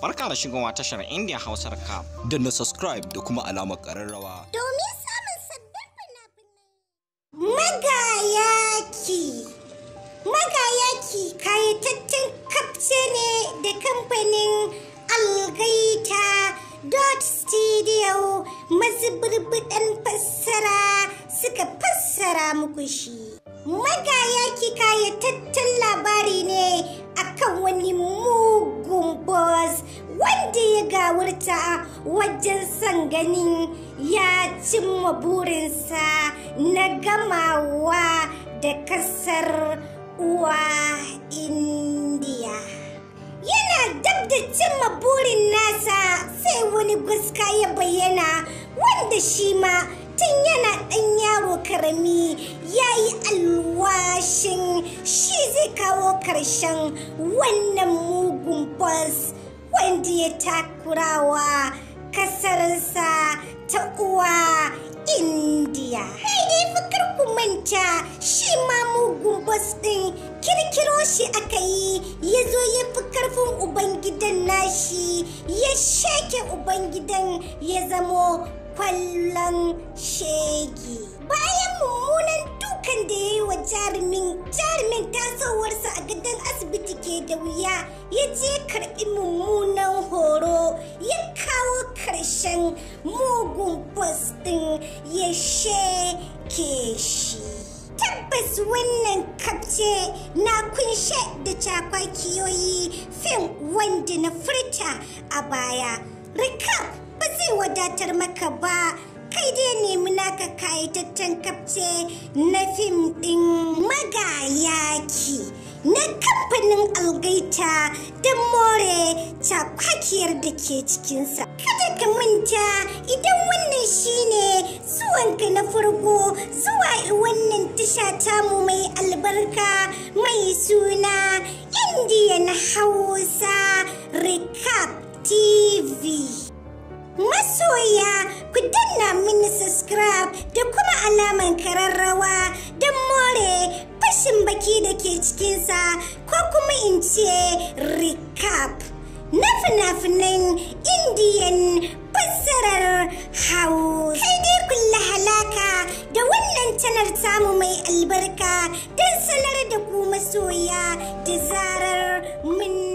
Barka da shigowa tashar Indiya Hausar ka. Da na subscribe da kuma alamar ƙararrawa. Domin samun sabbin fina-finai. Magayaki. Magayaki kayatattun kafce ne da kamfanin Algaita dot studio mazubirbiɗan fassara suka fassara muku shi. Magayaki kayatattun labari ne akan wani ya gawurta wajen son ganin ya cimma burinsa na gamawa da kasar uwa indiya yana dab da cimma burin nasa sai wani guska ya bayyana wanda shi ma tun yana ɗan yaro karami ya yi alwashin shi zai kawo ƙarshen wannan mugun bus. wanda ya takurawa kasarsa ta uwa indiya kai dai fakar ku manta shi ma mugun bas din kirkiro shi aka yi ya zo ya fi karfin ubangidan nashi ya shake ubangidan ya zamo kwallon shege bayan jarumin jarumin tasowarsa a gidan asibiti ke da wuya ya je karɓi mummunan horo ya kawo ƙarshen mugun bus ɗin ya sheke shi tabbas wannan kabce na kunshe da cakwakiyoyi fim wanda na furta a baya rikab ba zai wadatar maka ba kai dai nemi naka kayataccen kafce na fim ɗin magayaki na kamfanin algaita don more cakwakiyar da ke cikinsa kada ka manta idan wannan shine zuwanka na farko zuwa wannan tasha tamu mai albarka mai suna indian hausa recap tv masoya ku danna mini subscribe da kuma alaman kararrawa don more fashin baki da ke cikinsa ko kuma in ce recap na fina-finan indian fassarar house kai dai kulla halaka da wannan tanar tamu mai albarka don sanar da ku masoya da zarar mun